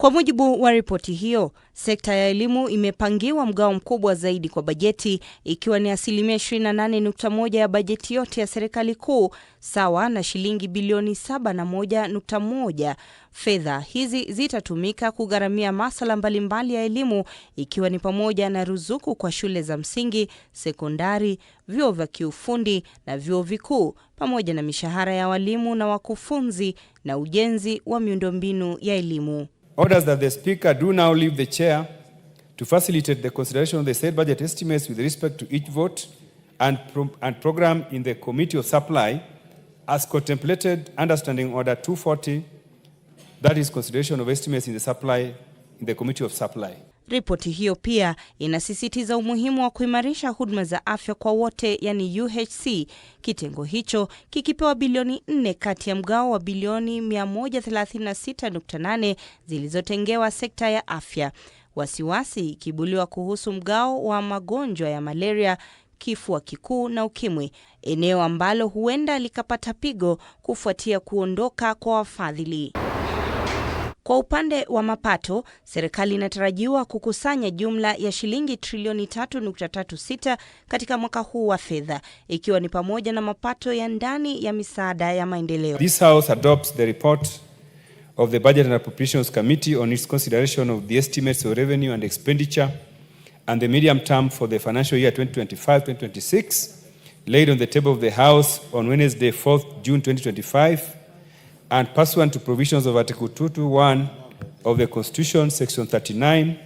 Kwa mujibu wa ripoti hiyo, sekta ya elimu imepangiwa mgao mkubwa zaidi kwa bajeti ikiwa ni asilimia 28.1 ya bajeti yote ya serikali kuu sawa na shilingi bilioni 71.1. Fedha hizi zitatumika kugharamia masuala mbalimbali ya elimu ikiwa ni pamoja na ruzuku kwa shule za msingi, sekondari, vyuo vya kiufundi na vyuo vikuu pamoja na mishahara ya walimu na wakufunzi na ujenzi wa miundombinu ya elimu. orders that the Speaker do now leave the chair to facilitate the consideration of the said budget estimates with respect to each vote and, pro and program in the Committee of Supply as contemplated understanding order 240 that is consideration of estimates in the supply in the Committee of Supply. Ripoti hiyo pia inasisitiza umuhimu wa kuimarisha huduma za afya kwa wote, yani UHC, kitengo hicho kikipewa bilioni 4 kati ya mgao wa bilioni 136.8 zilizotengewa sekta ya afya. Wasiwasi ikibuliwa kuhusu mgao wa magonjwa ya malaria kifua kikuu na ukimwi, eneo ambalo huenda likapata pigo kufuatia kuondoka kwa wafadhili. Kwa upande wa mapato, serikali inatarajiwa kukusanya jumla ya shilingi trilioni 3.36 katika mwaka huu wa fedha, ikiwa ni pamoja na mapato ya ndani ya misaada ya maendeleo. This house adopts the report of the Budget and Appropriations Committee on its consideration of the estimates of revenue and expenditure and the medium term for the financial year 2025-2026 laid on the table of the House on Wednesday 4th June 2025 and pursuant to provisions of Article 221 of the Constitution, Section 39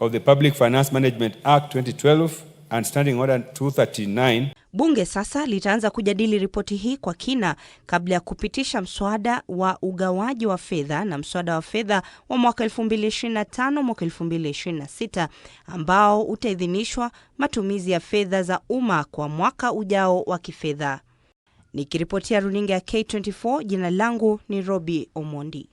of the Public Finance Management Act 2012 and Standing Order 239. Bunge sasa litaanza kujadili ripoti hii kwa kina kabla ya kupitisha mswada wa ugawaji wa fedha na mswada wa fedha wa mwaka 2025 mwaka 2026 ambao utaidhinishwa matumizi ya fedha za umma kwa mwaka ujao wa kifedha. Nikiripotia runinga ya K24, jina langu ni Robi Omondi.